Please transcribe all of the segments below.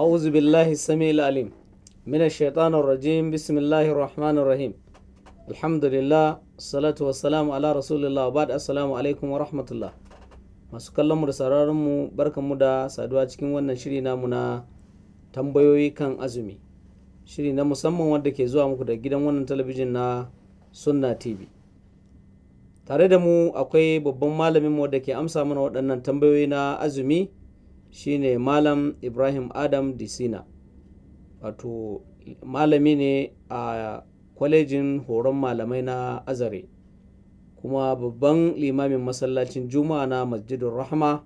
أعوذ بالله السميع العليم من الشيطان الرجيم بسم الله الرحمن الرحيم الحمد لله الصلاة والسلام على رسول الله وبعد mu عليكم ورحمة الله masu kallonmu da saduwa cikin wannan shiri namu na tambayoyi kan azumi shiri na musamman wadda ke zuwa muku da gidan wannan talabijin na sunna tare da mu akwai babban malamin mu wadda ke amsa mana waɗannan tambayoyi na azumi shine malam ibrahim adam disina wato malami ne a kwalejin horon malamai na azare kuma babban limamin masallacin juma'a na masjidun rahama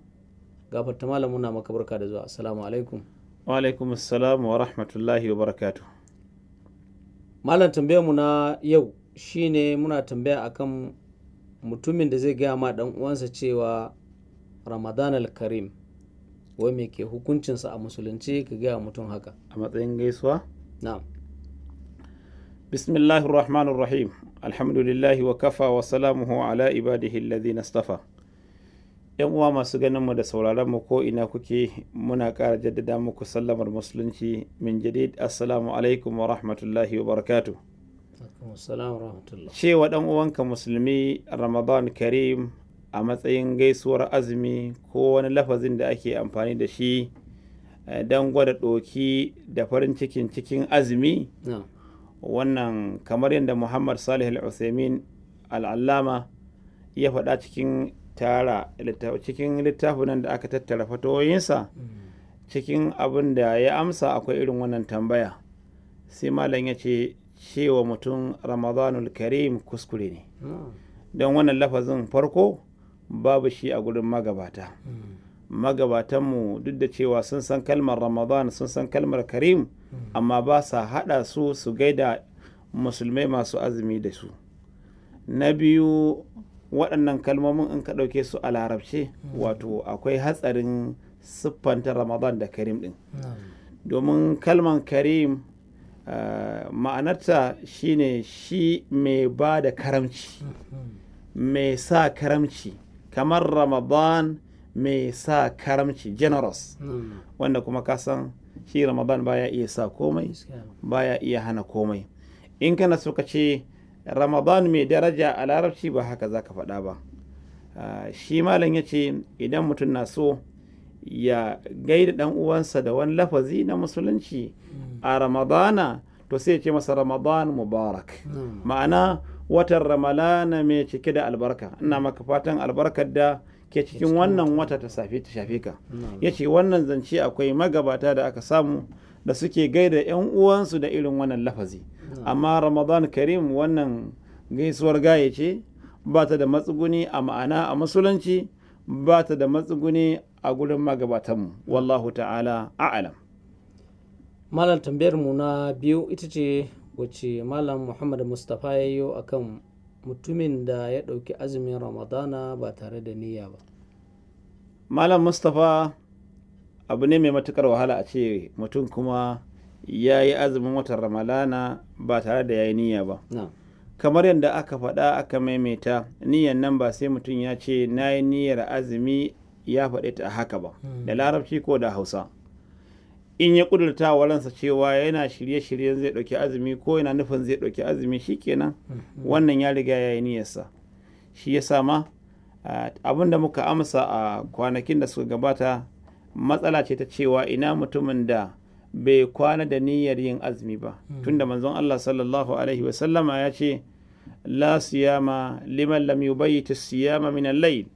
gafarta malam muna maka barka da zuwa assalamu alaikum wa alaikum assalam wa rahmatullahi wa barakatu malam tambayarmu na yau shine muna tambaya akan mutumin da zai gaya ma uwansa cewa ramadan al-karim wai me ke hukuncinsa a musulunci ka gaya mutum haka a matsayin gaisuwa na'am bismillahir rahmanir rahim alhamdulillahi wa kafa wa salamuhu ala ibadihi alladhina istafa yan uwa masu ganin mu da sauraron mu ko ina kuke muna ƙara jaddada muku sallamar musulunci min jadid assalamu alaikum wa rahmatullahi wa barakatuh cewa dan uwanka musulmi ramadan karim a matsayin gaisuwar azumi ko wani lafazin da ake amfani da shi eh, don gwada ɗoki da farin cikin cikin azumi wannan kamar yadda muhammad salih al-usaimin al'allama ya faɗa cikin tara cikin littafin da aka tattara fatoyinsa mm. cikin abin da ya amsa akwai irin wannan tambaya sai malam ya ce cewa mutum ramadanul karim kuskure ne don wannan lafazin farko babu shi a gurin magabata magabatanmu duk da cewa sun san kalmar ramadan sun san kalmar karim amma ba sa haɗa su su gaida musulmai masu azumi da su na biyu waɗannan kalmomin in ka ɗauke su a larabce wato akwai hatsarin siffanta ramadan da karim ɗin domin kalmar karim eh, ma'anarta shine shi mai ba da karamci mhm. mai sa karamci kamar ramadan mai sa karamci generous hmm. wanda kuma ka san shi ramadan baya iya sa komai baya iya hana komai in kana so ka ce ramadan mai daraja a larabci ba haka za ka faɗa ba ah, shi malam ya ce idan mutum na so ya gaida dan uwansa da wani lafazi na musulunci hmm. a ramadana to sai ya ce masa ramadan mubarak hmm. ma'ana watan ramalana mai cike da albarka ina maka fatan albarkar da ke cikin wannan wata ta safi ta shafi ka ya ce wannan zance akwai magabata da aka samu da suke gaida 'yan uwansu da irin wannan lafazi amma ramadan karim wannan gaisuwar gaya ce ba ta da matsuguni a ma'ana a musulunci ba ta da matsuguni a gurin magabatanmu wallahu ta'ala a'alam malar tambayar mu na biyu ita ce wacce malam muhammad mustapha ya yi akan mutumin da ya ɗauki azumin ramadana ba tare da niyya ba malam mustapha abu ne mai matukar wahala a ce mutum kuma ya yi azumin watan ramadana ba tare da ya yi niyya ba kamar yadda aka faɗa aka maimaita niyyan nan ba sai mutum ya ce na yi niyyar azumi ya faɗi ta haka ba hmm. da larabci ko da hausa in ya kudurta wa cewa yana shirye-shiryen zai ɗauki azumi ko yana nufin zai ɗauki azumi shikenan mm-hmm. wannan ya riga ya yi niyyarsa shi ya sama abin da muka amsa a kwanakin da suka gabata matsala ce ta cewa ina mutumin da bai kwana da niyyar yin azumi ba mm. tunda manzon Allah sallallahu alaihi sallama ya ce la siyama liman lam yubayyit siyama min al-layl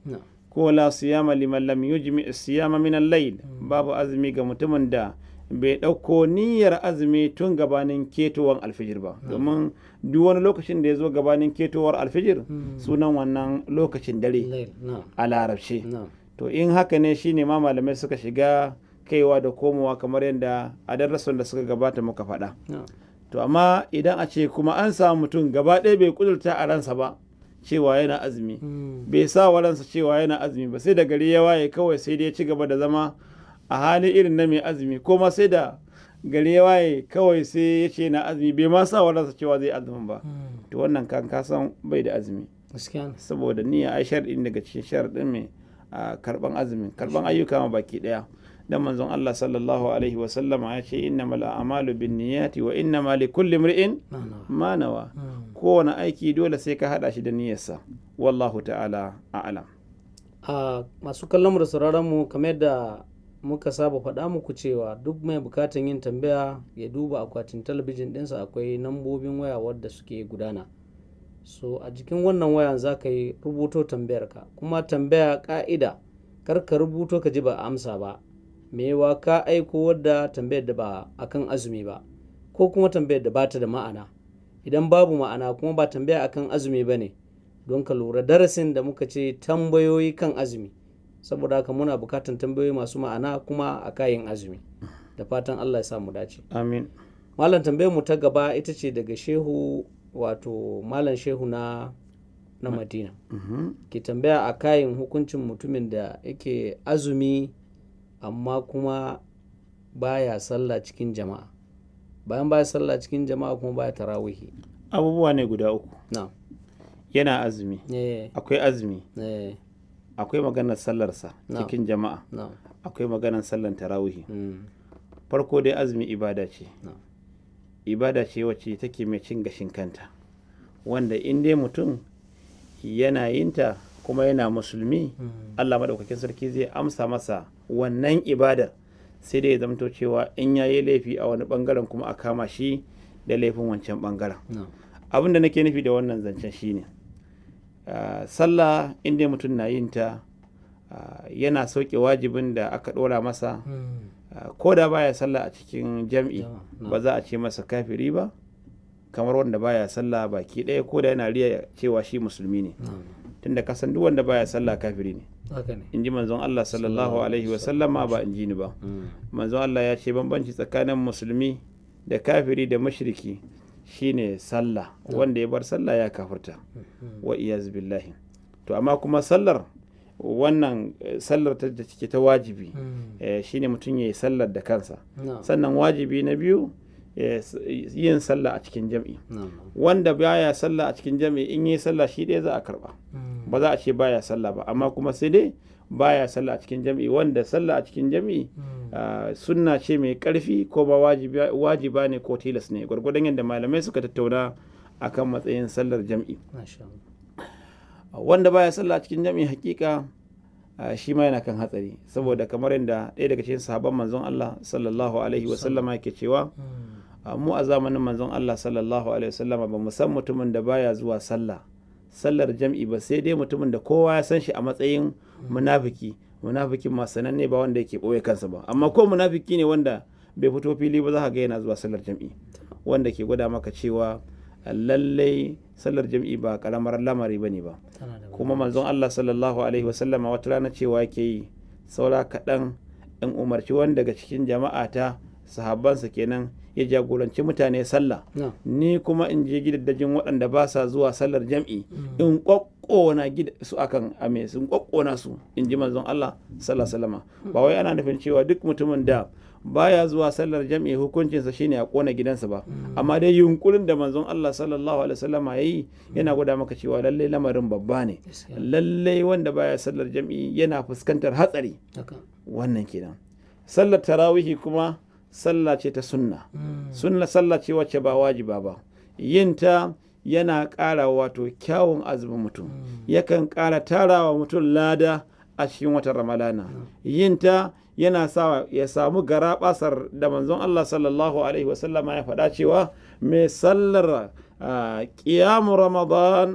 ko la siyama liman lam yujmi siyama min al-layl mm. babu azumi ga mutumin da bai ɗauko niyyar azumi tun gabanin ketowar alfijir ba domin duk wani lokacin da ya zo gabanin ketowar alfijir hmm. sunan wannan lokacin dare a larabci to in haka ne shine ma malamai suka shiga kaiwa da komowa kamar yadda a darasar da suka gabata muka faɗa to amma idan a ce kuma an samu mutum gaba ɗaya bai kudurta a ransa ba cewa yana azumi hmm. bai sa wa ransa cewa yana azumi ba sai da gari ya waye kawai sai dai ya ci gaba da zama a hali irin na mai azumi ko ma sai da gare waye kawai sai ya ce na azumi bai ma sa wadansa cewa zai azumin ba hmm. to wannan kan ka san bai da azumi saboda niyya ai shar'in daga cikin shar'in mai karban azumi karban ayyuka ma baki daya dan manzon Allah sallallahu alaihi wa sallama ya ce innamal a'malu niyyati wa innama likulli imri'in ma nawa hmm. kowane aiki dole sai ka hada shi da niyyarsa wallahu ta'ala a'lam a masu kallon mu da sauraron mu kamar da muka saba faɗa muku cewa duk mai bukatan yin tambaya ya duba akwatin talabijin ɗinsa akwai nambobin waya wadda suke gudana so a jikin wannan wayan za ka yi rubuto tambayarka kuma tambaya ka'ida kar ka rubuto ka ji ba amsa ba me mewa ka aiko wadda tambayar da ba akan azumi ba ko kuma tambayar da ba ta da ma'ana idan babu ma'ana kuma ba tambaya akan azumi ba ne don ka lura darasin da muka ce tambayoyi kan azumi saboda haka muna bukatan tambayoyi masu ma'ana kuma a kayan azumi da fatan allah ya sa mu dace amin malam tambayar mu ta gaba ita ce daga shehu wato malam shehu na na madina mm mm-hmm. ke tambaya a kayan hukuncin mutumin da yake azumi amma kuma baya sallah cikin jama'a bayan baya sallah cikin jama'a kuma baya tarawihi abubuwa ne guda uku yana azumi eh. akwai azumi eh. akwai maganar sallarsa cikin jama'a akwai maganar sallar tarawihi mm. farko dai azumi ibada ce ibada ce wacce take mai cin gashin kanta wanda in dai mutum yana yinta kuma yana musulmi mm. allah maɗaukakin sarki zai amsa masa wannan ibadar sai dai ya zamto cewa in ya laifi a wani bangaren kuma a kama shi da laifin wancan bangaren abin da nake nufi da wannan zancen shine Ah, sallah inda mutum na yin ta ah, yana sauke wajibin da aka ɗora masa hmm. ah, ko da baya sallah a cikin jam'i ba za a ce masa kafiri ba kamar wanda baya sallah baki ɗaya ko da yana riya cewa shi musulmi ne tunda ka san duk wanda baya sallah kafiri ne in ji manzon Allah sallallahu alaihi sallama ba in ji ni ba hmm. manzon Allah ya ce bambanci tsakanin musulmi da kafiri da mushriki shine sallah wanda ya bar sallah ya kafirta mm-hmm. wa billahi to amma kuma sallar wannan eh, sallar ta da cike ta wajibi mm. eh, shine mutum ya yi sallar da kansa sannan wajibi na biyu eh, yin sallah a cikin jam'i wanda ya sallah a cikin jam'i in yi sallah shi ɗaya za a karba mm. ba za a ce baya sallah ba amma kuma sai dai baya sallah a cikin jam'i wanda sallah a cikin jam'i mm. Ah, sunna ce mai karfi ko ba wajiba ne ko tilas ne gwargwadon yadda malamai suka tattauna a kan matsayin sallar jam'i ah, wanda baya sallah cikin jam'i hakika ah, shi ma yana kan hatsari saboda kamar yadda ɗaya daga cikin sahabban manzon Allah sallallahu alaihi wa sallama yake cewa hmm. mu a zamanin manzon Allah sallallahu alaihi wa sallama ba mu san mutumin da baya zuwa sallah sallar jam'i ba sai dai mutumin da kowa ya san shi a matsayin hmm. munafiki munafikin ma sananne ba wanda yake ɓoye kansa ba amma ko munafiki ne wanda bai fito fili ba za ka ga yana zuwa sallar jam'i wanda ke gwada maka cewa lallai sallar jam'i ba karamar lamari ba ne ba kuma manzon Allah sallallahu alaihi wa sallama wata rana cewa yake yi saura kaɗan in umarci wani daga cikin jama'a ta sahabbansa kenan ya jagoranci mutane sallah ni kuma in je gidajen waɗanda ba sa zuwa sallar jam'i mm. in kokkona su akan ame sun kokkona su in ji manzon Allah sallallahu alaihi ba wai ana nufin cewa duk mutumin da baya zuwa sallar jam'i hukuncinsa shine ya kona gidansa ba amma dai yunkurin da manzon Allah sallallahu alaihi wasallam yayi yana gwada maka cewa lalle lamarin babba ne lalle wanda baya sallar jam'i yana fuskantar hatsari wannan kenan sallar tarawihi kuma sallah ce ta sunna mm. sunna sallah ce wacce ba wajiba ba yin ta yana ƙara wato kyawun azumin mutum mm. yakan ƙara tarawa mutum lada a cikin watan ramadana mm. yin ta yana sa ya samu gara basar da manzon Allah sallallahu alaihi wasallama ya faɗa cewa mai sallar ah, ƙiyamu ramadan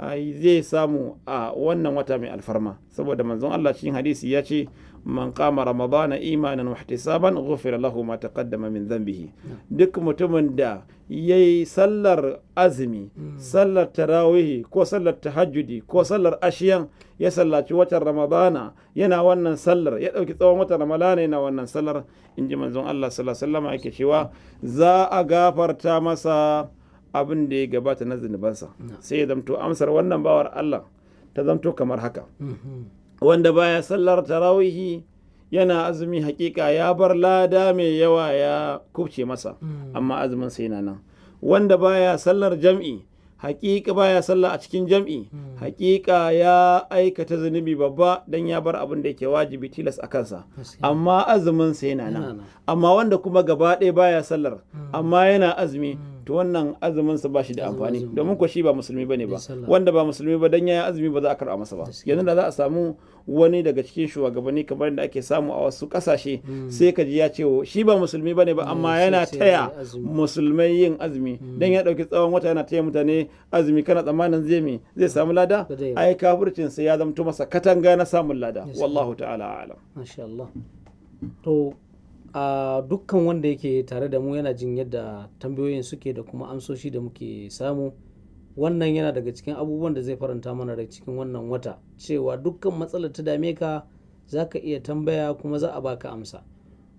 mm. zai samu a wannan wata mai alfarma saboda manzon Allah cikin hadisi ya ce man qama ramadana imanan wahtisaban ghufira lahu ma taqaddama min dhanbihi duk mutumin da yayi sallar azumi mm. sallar tarawih ko sallar tahajjudi ko sallar ashiyan ya sallaci watan ramadana yana wannan sallar ya dauki tsawon watan ramadana yana wannan sallar inji manzon Allah sallallahu alaihi wasallam yake cewa za a gafarta masa abin da ya gabata na zunubansa sai ya zamto amsar wannan bawar Allah ta zamto kamar haka mm-hmm. wanda baya sallar tarawihi yana azumi hakika ya bar lada mai yawa ya kubce masa mm. amma azumin sai na nan wanda baya sallar jam'i hakika baya sallar a cikin jam'i mm. hakika ya aikata zunubi babba dan ya bar abin da yake wajibi tilas a kansa amma azumin sai yana nan amma wanda kuma gaba ɗaya baya sallar mm. amma yana azumi to wannan azumin sa bashi da amfani domin ko shi ba musulmi bane ba wanda ba musulmi ba dan yayin azumi ba za a karɓa masa ba yanzu da za a samu wani daga cikin shugabanni kamar da ake samu a wasu kasashe hmm. sai ka ji ya ce oh, shi ba musulmi bane ba hmm, amma yana taya musulmai yin azumi hmm. dan ya dauki tsawon wata yana taya mutane azumi kana tsammanin zai mi zai samu lada ai kafircin sai ya to masa katanga na samun lada wallahu ta'ala a'lam masha Allah to a dukkan wanda yake tare da mu yana jin yadda tambayoyin suke da kuma amsoshi da muke samu wannan yana daga cikin abubuwan da zai faranta mana rai cikin wannan wata cewa dukkan matsalar ta dame ka za ka iya tambaya kuma za a baka amsa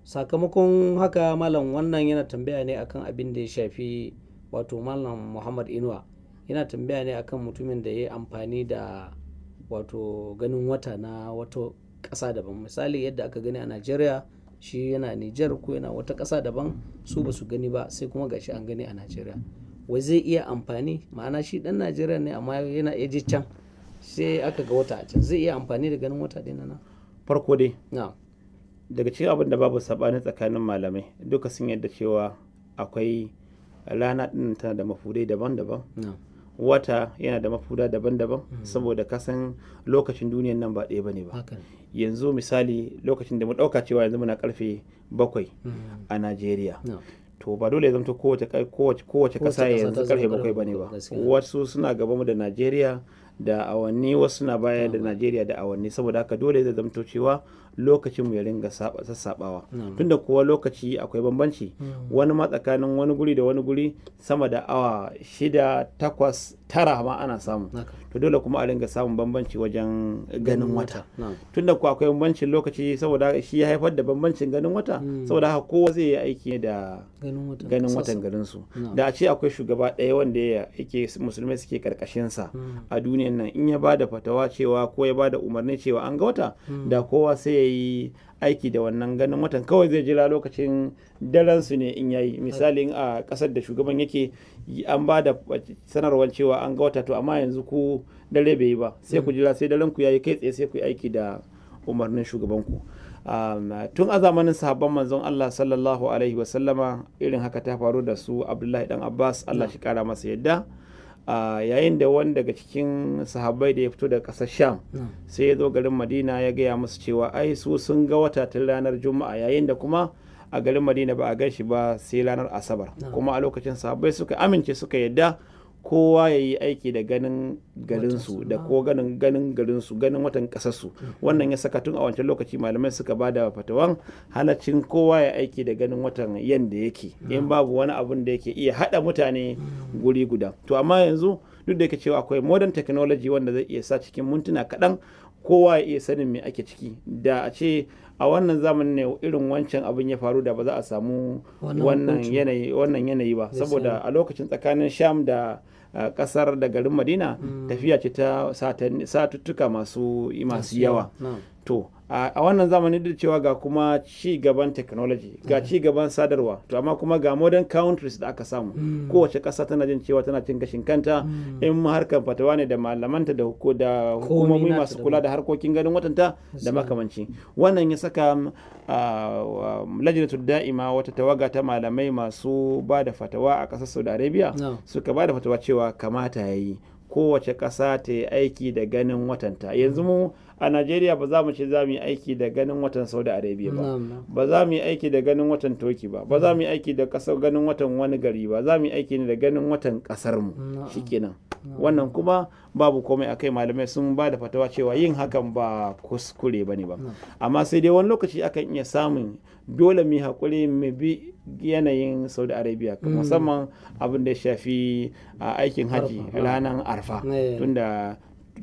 sakamakon haka malam wannan yana tambaya ne akan abin da ya shafi wato malam muhammad inuwa yana tambaya ne akan mutumin da ya yi amfani da wato ganin wata na wata ƙasa daban misali yadda aka gani a najeriya shi yana Nijar ko yana wata ƙasa daban su ba su gani ba sai kuma gashi an gani a Najeriya wai zai iya amfani ma'ana shi dan Najeriya ne amma yana iya je can sai aka ga wata a can zai iya amfani da ganin wata din nan farko dai na daga cikin abin da babu sabani tsakanin malamai duka sun yadda cewa akwai rana din tana da mafudai daban-daban wata yana da mafuda daban-daban hmm. saboda kasan lokacin duniyan nan ba ɗaya ba ne ba yanzu misali lokacin da mu ɗauka cewa yanzu muna karfe bakwai hmm. a najeriya to ba dole ya zamto kowace kasa yanzu karfe bakwai ba ne ba wasu suna gaba mu da najeriya da awanni wasu suna baya ah, da najeriya da awanni saboda haka dole zai zamto cewa lokacin mu ya ringa sassabawa tunda kuwa lokaci akwai bambanci hmm. wani ma tsakanin wani guri da wani guri sama da awa shida takwas tara ma ana samu to dole kuma a ringa samun bambanci wajen ganin wata tunda kuwa akwai bambancin lokaci saboda shi ya haifar da bambancin ganin wata hmm. saboda haka kowa zai yi aiki da ganin watan garin su da a ce akwai shugaba ɗaya wanda yake musulmai suke karkashin sa hmm. a duniyan nan in ya ba da fatawa cewa ko ya bada umarni cewa an ga wata da kowa sai yi aiki da wannan ganin watan kawai zai jira lokacin daren su ne in yayi misali a kasar da shugaban yake an ba da sanarwar cewa an ga wata to amma yanzu ku dare bai yi ba sai ku jira sai daren ku yayi kai tsaye sai ku yi aiki da umarnin shugaban ku tun a zamanin sahabban manzon Allah sallallahu alaihi wa sallama irin haka ta faru da su Abdullahi dan Abbas Allah shi kara masa yadda yayin da wani daga cikin sahabbai da ya fito da ƙasar sham sai ya zo garin madina ya gaya musu cewa ai su sun ga wata tun ranar juma'a yayin da kuma a garin madina ba a gan shi ba sai ranar asabar kuma a lokacin sahabbai suka amince suka yadda kowa ya yi aiki da ganin garinsu da ko ganin ganin garinsu ganin watan kasarsu mm-hmm. wannan ya saka tun a wancan lokaci malamai suka ba da fatawan halaccin kowa ya aiki da ganin watan yanda yake in mm-hmm. babu wani abun da yake iya hada mutane mm-hmm. guri guda to amma yanzu duk da yake cewa akwai modern technology wanda zai iya sa cikin mintuna kaɗan kowa ya iya sanin me ake ciki da a ce a wannan zamanin ne irin wancan abin ya faru da ba za a samu wannan yanayi ba saboda a lokacin tsakanin sham da kasar da garin madina mm. tafiya ce ta satuttuka masu yawa to a wannan zamanin da cewa ga kuma ci gaban technology ga ci gaban sadarwa to amma kuma ga modern countries da aka samu mm. kowace ƙasa tana jin cewa tana cin gashin kanta mm. in harkar fatawa ne da malamanta da hukumomi masu kula da harkokin ganin watanta da makamanci wannan ya saka um, lajinatu da'ima wata tawaga ta malamai masu ba da fatawa a ƙasar saudi arabia suka ba da fatawa cewa kamata ya yi kowace ƙasa ta yi aiki da ganin watanta yanzu mu a najeriya ba za mu ce za mu yi aiki da ganin watan saudi arabia ba ba za mu yi aiki da ganin watan toki ba ba za mu yi aiki da kasar ganin watan wani gari ba za mu yi aiki ne da ganin watan kasar mu shikenan wannan kuma babu komai akai malamai sun ba da fatawa cewa yin hakan ba kuskure ba ne ba amma sai dai wani lokaci akan iya samun dole mu haƙuri mu bi yanayin saudi arabia mm. musamman abin da ya shafi aikin haji ranar arfa eh. tunda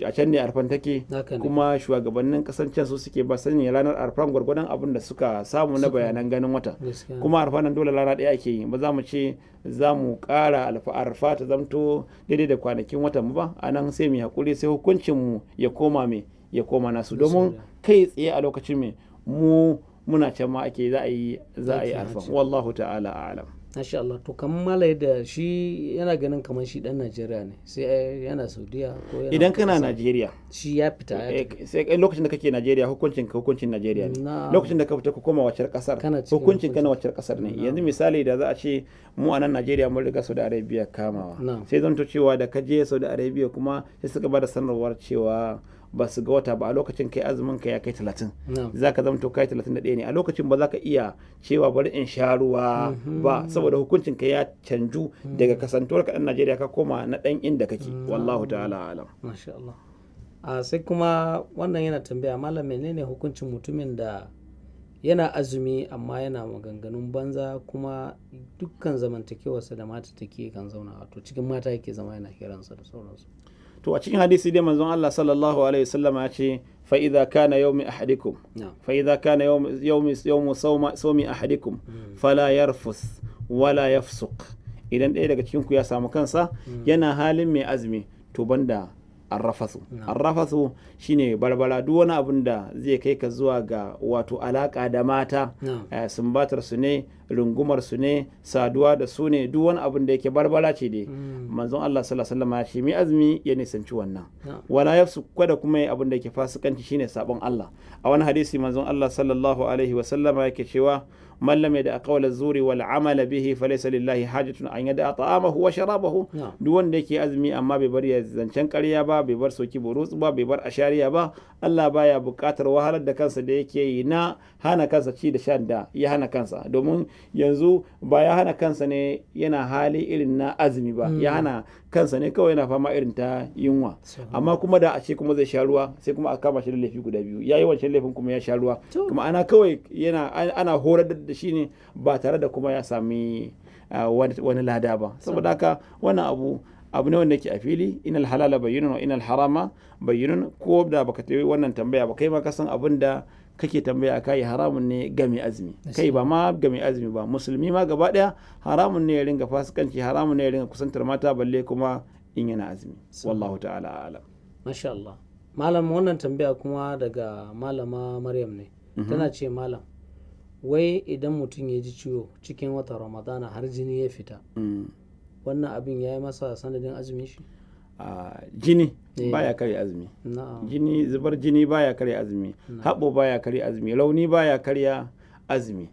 a can ne arfan take kuma shugabannin kasan can su suke ba sanin ranar arfan gwargwadon abin da suka samu na bayanan ganin wata kuma arfan nan dole rana ɗaya ake yi ba za mu ce za mu ƙara arfa ta zamto daidai da kwanakin watan ba a nan sai mu hakuri sai hukuncin mu ya koma me ya koma nasu domin kai tsaye a lokacin mu muna can ma ake za a za a yi arfan wallahu ta'ala a'lam Masha Allah to kammala yadda shi yana ganin kamar shi dan Najeriya ne sai yana Saudiya ko yana Idan kana Najeriya shi ya fita ya eh, kai lokacin da kake Najeriya hukuncin ka hukuncin Najeriya ne lokacin da ka fita ku koma wacce kasar hukuncin ka na wacce kasar ne yanzu misali da za a ce mu a nan Najeriya mun riga Saudi Arabia kamawa sai zan to cewa da ka je Saudi Arabia kuma sai suka bada sanarwar cewa ba su ga wata ba a lokacin kai azumin ka ya kai talatin za ka zamto kai talatin da ɗaya ne a lokacin ba za ka iya cewa bari in sha ruwa mhm. ba saboda hukuncin ka ya canju mhm. daga kasantuwar ka ɗan najeriya ka koma na ɗan inda kake wallahu ta'ala alam a sai kuma wannan yana tambaya malam menene hukuncin mutumin da yana azumi amma yana maganganun banza kuma dukkan zamantakewarsa da mata take kan zauna wato cikin mata yake zama yana kiransa da sauransu to a cikin hadisi dai manzon Allah sallallahu alaihi wasallam ya ce fa idza kana yawmi ahadikum fa idza kana yawmi sawma sawmi ahadikum hmm. fala yarfus wala yafsuq idan ɗaya daga cikin ku ya samu kansa hmm. yana halin mai azumi to banda arrafasu arrafasu shine barbara duk wani abin da zai kai ka zuwa ga wato alaka da mata eh, sumbatar su ne rungumar su ne saduwa da su ne duk wani abin da yake barbara ce dai mm. manzon Allah sallallahu alaihi wasallam ya shimi azumi ya nisanci wannan wala yafsu kada kuma yi abin da yake fasikanci shine sabon Allah a wani hadisi manzon Allah sallallahu alaihi wasallam yake cewa man lam yada qawla zuri wal amala bihi falaysa lillahi hajatun an yada ta'amahu wa sharabahu duk wanda yake azumi amma bai bar ya zancen ƙarya ba bai bar soki burutsu ba bai bar ashariya ba Allah baya buƙatar wahalar da kansa da yake yi na hana kansa ci da shan da ya hana kansa domin yanzu ba ya hana kansa ne yana hali irin na azumi ba ya mm. hana kansa ne kawai yana fama irin ta yunwa amma kuma da a ce kuma zai sha ruwa sai kuma a kama shi da laifi guda biyu ya yi wancan laifin kuma ya sha ruwa kuma ana kawai yana ana horar da shi ne ba tare da kuma ya sami ah, wani lada ba saboda haka wannan abu abu ne wanda yake a fili inal halala bayyinun wa inal harama bayyinun ko da baka tayi wannan tambaya ba kai ma ka san abin da kake tambaya kai haramun ne ga mai azumi kai ba ma ga mai azumi ba musulmi ma gaba daya haramun ne ya ringa fasikanci haramun ne ya ringa kusantar mata balle kuma in yana azumi wallahu ta'ala alam masha Allah malam wannan tambaya kuma daga malama Maryam ne mhm. tana ce malam wai idan mutum ya ji ciwo cikin watan Ramadana har jini ya fita mm. wannan abin ya yi masa sanadin azumin shi jini eh. baya kare azumi jini zubar jini baya kare azumi haɓo baya kare azumi rauni baya karya azumi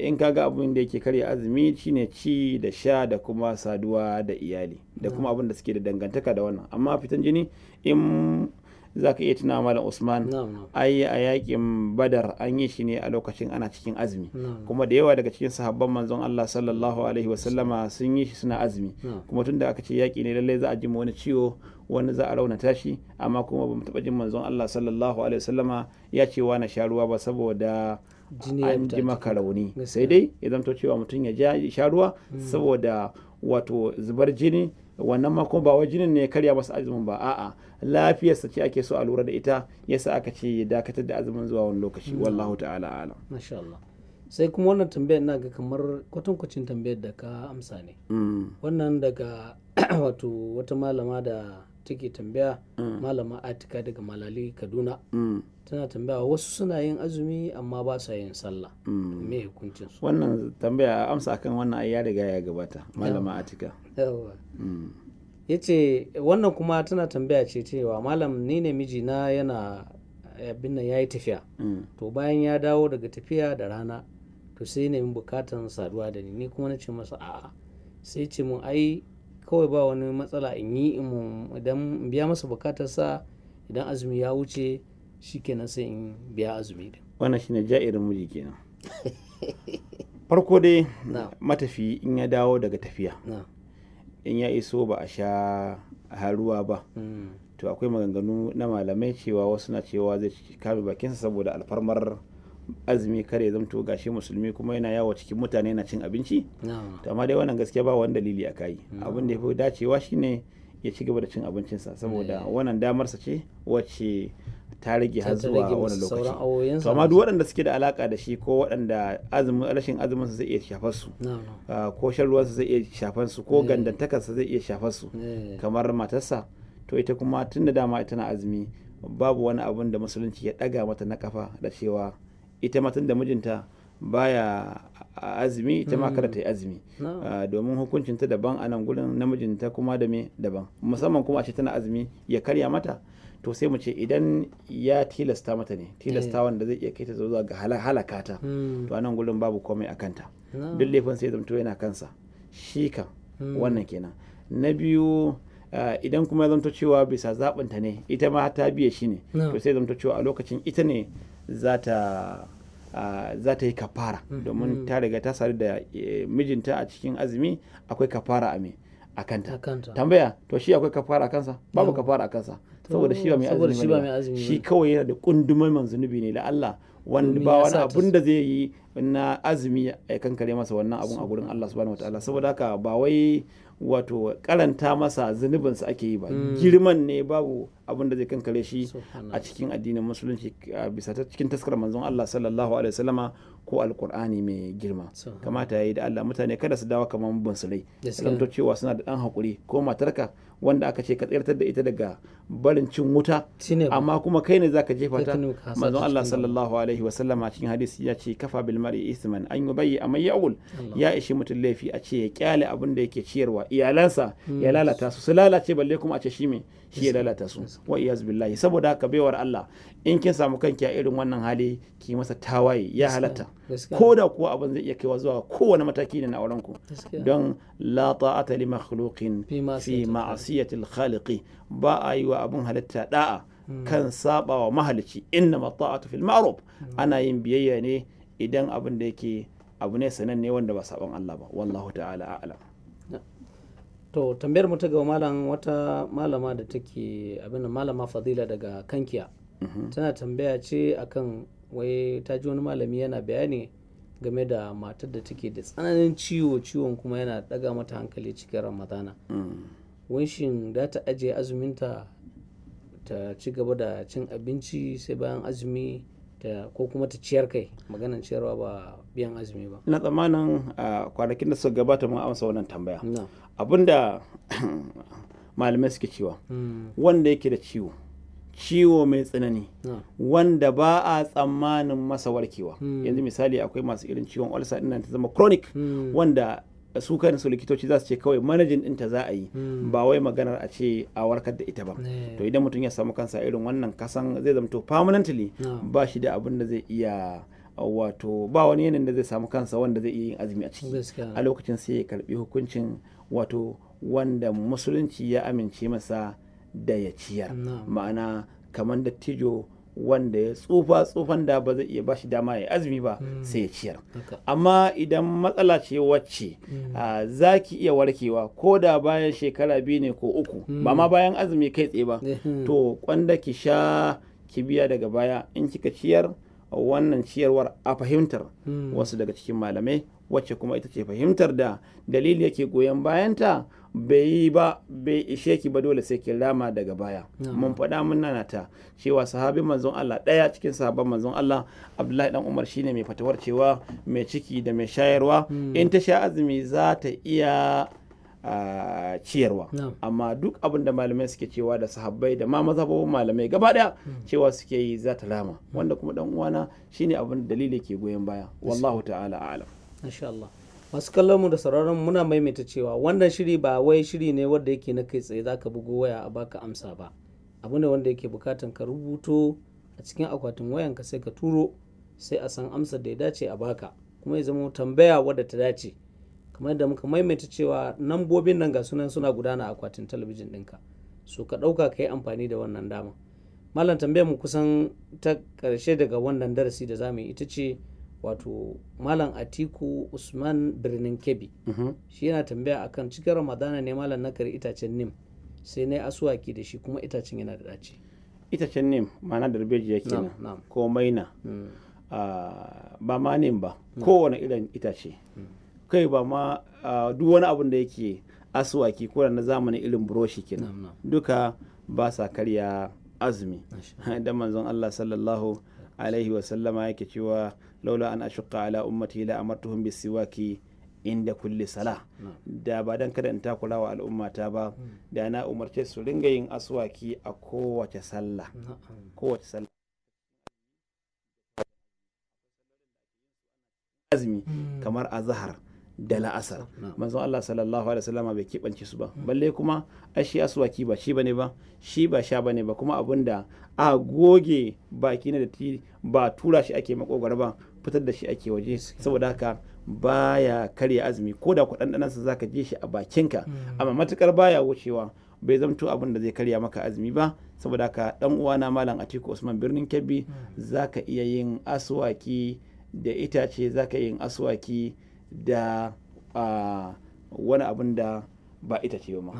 in ka ga abin da yake karya azumi shine ci da sha da kuma saduwa da iyali da kuma abin da suke da dangantaka da wannan amma fitan jini in za ka iya tuna malam usman ai a yakin badar an yi shi ne a lokacin ana cikin azumi kuma da yawa daga cikin sahabban manzon allah sallallahu alaihi wasallama sun yi shi suna azumi kuma tun da aka ce yaki ne lallai za a ji wani ciwo wani za a raunata shi amma kuma ba mu taɓa jin manzon allah sallallahu alaihi wasallama ya ce wa na sha ruwa ba saboda an ji maka rauni sai dai ya zanto cewa mutum ya sha ruwa hmm. saboda wato zubar jini wannan ma kuma ba wa jinin ne ya karya masa azumin ba a'a lafiyar sa ce ake so a lura da ita yasa aka ce ya dakatar da azumin zuwa wani lokaci mm. wallahu ta'ala ala. masha Allah sai kuma wannan tambayar na ga kamar kwatankwacin tambayar da ka amsa ne mm. wannan daga wato wata malama da take tambaya mm. malama atika daga malali kaduna mm. tana tambaya wasu suna yin azumi amma ba sa yin sallah mm. me hukuncin su wannan tambaya amsa akan wannan ai ya riga ya gabata malama atika ya ce wannan kuma tana tambaya ce cewa malam ni ne mijina yana abin nan ya yi tafiya to bayan ya dawo daga tafiya da rana to sai ne yin bukatan saduwa da ni ni kuma na ce masa a'a sai ce mun ai kawai ba wani matsala in yi idan biya masa bukatarsa idan azumi ya wuce shi kenan sai in biya azumi din wannan shine ja'irin miji kenan farko dai matafi in ya dawo daga tafiya in ya iso ba a sha haruwa ba hmm. to akwai maganganu na malamai cewa wasu na cewa zai kame bakinsa saboda alfarmar azumi kar ya to gashi musulmi kuma yana yawo cikin mutane na cin abinci to amma dai wannan gaskiya ba wani dalili a kai abin da ya fi dacewa shine ya ci gaba da cin abincinsa saboda eh. wannan damarsa ce wacce ta rage har zuwa wani lokaci to amma duk waɗanda suke da alaka da shi ko waɗanda azumin rashin azumin su zai iya shafar su ah, ko shan su zai iya shafar su ko eh. gandantakarsa zai iya shafar su eh. kamar matarsa to ita kuma tun da dama ita na azumi babu wani abin da musulunci ya ɗaga mata na kafa da cewa ita matan da mijinta baya azumi ita ma kada ta yi azumi hmm. ah, domin hukuncin ta daban a nan gurin namijin ta kuma da me daban musamman kuma a ce tana azumi ya karya mata to sai mu ce idan ya tilasta mata ne tilasta eh. wanda zai iya kai ta zuwa ga halaka ta hmm. to a nan gurin babu komai a kanta duk laifin sai zamto yana kansa shi kan hmm. wannan kenan na biyu ah, idan kuma ya zamto cewa bisa zaɓinta ne ita ma ta biya shi ne to sai zamto cewa a lokacin ita ne za ta yi kafara mm, domin mm. ta riga ta sadu da e, mijinta a cikin azumi akwai kafara a me a kanta tambaya to shi akwai kafara a kansa babu kafara a kansa saboda shi ba mai azumi shi kawai yana da man zunubi ne da Allah wanda ba wani abun da zai yi na azumi ya kankare masa wannan abun a gurin Allah subhanahu wataala saboda haka ba wai wato karanta masa zunubinsa ake yi ba mm. girman ne babu abin da zai kankare shi a cikin addinin musulunci bisa ta cikin taskar manzon Allah sallallahu alaihi wasallama ko alkur'ani mai girma kamata yayi da Allah mutane kada su dawo kamar bunsulai kalanto cewa suna da dan hakuri ko matarka wanda aka ce ka tsirtar da ita daga barin cin wuta amma kuma kai ne zaka jefa ta manzon Allah sallallahu alaihi wasallama cikin hadisi ya ce kafa bil mar'i isman an yubayyi amma ya'ul ya ishi mutum laifi a ce ya kyale abin da yake ciyarwa iyalansa hmm. ya lalata su su lalace balle kuma a ce shi me shi ya lalata su wa iyaz billahi saboda haka baiwar Allah in kin samu kanki a irin wannan hali ki masa tawaye ya halatta ko da kuwa abin zai iya kai wa zuwa kowane mataki ne na auren ku don la ta'ata li makhluqin fi ma'asiyatil khaliqi ba a yi wa abin halitta da'a hmm. kan saba wa mahalici inna mata'atu fil ma'ruf hmm. ana yin biyayya ne idan abin da yake abu ne sananne wanda ba saban Allah ba wallahu ta'ala a'lam to tambayar mu ta ga malam wata malama da take abin malama fadila daga kankiya mhm. tana tambaya ce akan wai ta ji wani malami yana bayani game da matar da take da tsananin ciwo ciwon kuma yana daga mata hankali cikin ramadana mm. wanshin da ta ajiye azuminta ta ci gaba da cin abinci sai bayan azumi ko kuma ta ciyar kai maganan ciyarwa ba biyan azumi ba na tsamanin kwanakin da suka gabata mun amsa wannan tambaya abinda malamai suke cewa hmm. wanda yake da ciwo ciwo mai tsanani wanda ba a tsammanin masa warkewa hmm. yanzu misali akwai masu irin ciwon ulcer ɗin ta zama chronic hmm. wanda su kansu likitoci za su ce kawai manajin ta za a yi ba wai maganar a ce a warkar da ita ba to idan mutum ya samu kansa irin wannan kasan zai zamto permanently ba shi da abin da zai iya wato ba wani yanayin da zai samu kansa wanda zai iya yin azumi a ciki a lokacin sai ya karbi hukuncin wato wanda musulunci ya amince masa da ya ciyar ma'ana kamar dattijo wanda ya tsufa tsufan da ba zai iya ba shi dama ya azumi ba hmm. sai ya ciyar amma idan matsala ce wacce hmm. za ki iya warkewa ko da bayan shekara biyu ne ko uku hmm. ba ma bayan azumi kai tsaye ba eh, to kwanda ki sha ki biya daga baya in kika ciyar wannan ciyarwar a fahimtar hmm. wasu daga cikin malamai wacce kuma ita ce fahimtar da dalili yake goyon bayanta bai yi ba bai ishe ki ba dole sai ki rama daga baya mun faɗa mun nana ta. cewa sahabi manzon Allah ɗaya cikin sahabban manzon Allah Abdullahi dan Umar shine mai fatawar cewa mai ciki da mai shayarwa hmm. in ta sha azumi za ta iya a ciyarwa amma duk abin da malamai suke cewa da sahabbai da ma mazhabobin malamai gaba daya hmm. cewa suke yi za ta rama hmm. wanda kuma dan uwana shine abin dalili ke goyon baya wallahu ta'ala a'lam insha Allah masu kallon mu da sauraron muna maimaita cewa wannan shiri ba wai shiri ne wanda yake na kai tsaye zaka bugo waya a baka amsa ba abu ne wanda yake bukatan ka rubuto a cikin akwatin wayan ka sai ka turo sai a san amsar da ya dace a baka kuma ya zama tambaya wadda ta dace kamar da muka maimaita cewa nambobin nan ga sunan suna gudana a akwatin talabijin ɗinka so ka ɗauka ka yi amfani da wannan dama malam tambayar mu kusan ta ƙarshe daga wannan darasi da za mu yi ita ce wato malam atiku usman birnin kebi mhm. shi yana tambaya akan cikin ramadana ne malam na kari itacen nim sai na asuwaki da shi kuma itacen yana da ɗaci itacen nim ma'ana ya kina ko maina ba ma nim ba kowane irin itace mm. kai ba ma duk wani abin da yake asuwaki ko na zamanin irin buroshi kenan duka ba sa karya azumi da manzon Allah sallallahu alaihi wa sallama yake cewa laula an ashqa ala ummati la amartuhum siwaki inda kulli sala da ba dan kada in takura wa al'ummata ba hmm. da na umarce su ringa yin aswaki a kowace sallah kowace sallah azumi hmm. kamar azhar da la'asar manzon Allah sallallahu alaihi wasallama bai kibance su ba balle kuma ashi aswaki ba shi bane ba shi ba sha bane ba kuma abin da a goge baki na da ba tura shi ake makogwar ba fitar da shi ake waje saboda haka baya karya azumi ko da kuɗan sa zaka je shi a bakinka hmm. amma matukar baya wucewa bai zamto abin da zai karya maka azumi ba saboda haka dan uwana malam Atiku Usman birnin Kebbi hmm. zaka iya yin aswaki da itace zaka yin aswaki da wani abin da ba ita ce ba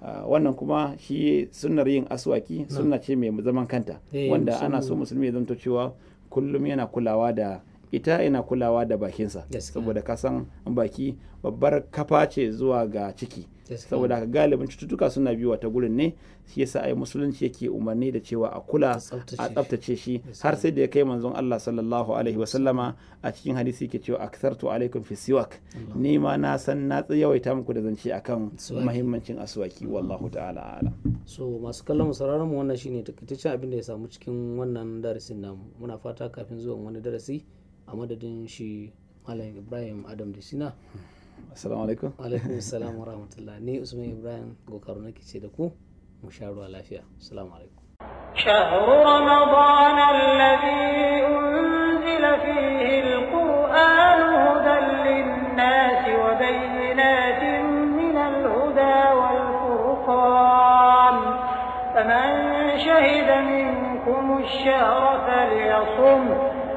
Uh, wannan kuma shi sunnar yin aswaki sunna ce mai zaman kanta eh, wanda ana so musulmi ya zanto cewa kullum yana kulawa da ita yana kulawa da bakinsa saboda kasan baki babbar kafa ce zuwa ga ciki saboda haka galibin cututtuka suna biyu ta gurin ne shi yasa ai musulunci yake umarni da cewa a kula a tsaftace shi har sai da ya kai manzon Allah sallallahu alaihi wa sallama a cikin hadisi yake cewa aksartu alaikum fi siwak ni ma na san na yawaita muku da zance akan muhimmancin aswaki wallahu ta'ala ala so masu kallon sauraron mu wannan shine takaitaccen abin da ya samu cikin wannan darasin namu muna fata kafin zuwan wani darasi a madadin shi Malam Ibrahim Adam Disina السلام عليكم وعليكم السلام ورحمة الله ني اسمي إبراهيم قوكرونا كيسي دكو مشاهدوا على فيها السلام عليكم شهر رمضان الذي أنزل فيه القرآن هدى للناس وبينات من الهدى والفرقان فمن شهد منكم الشهر فليصم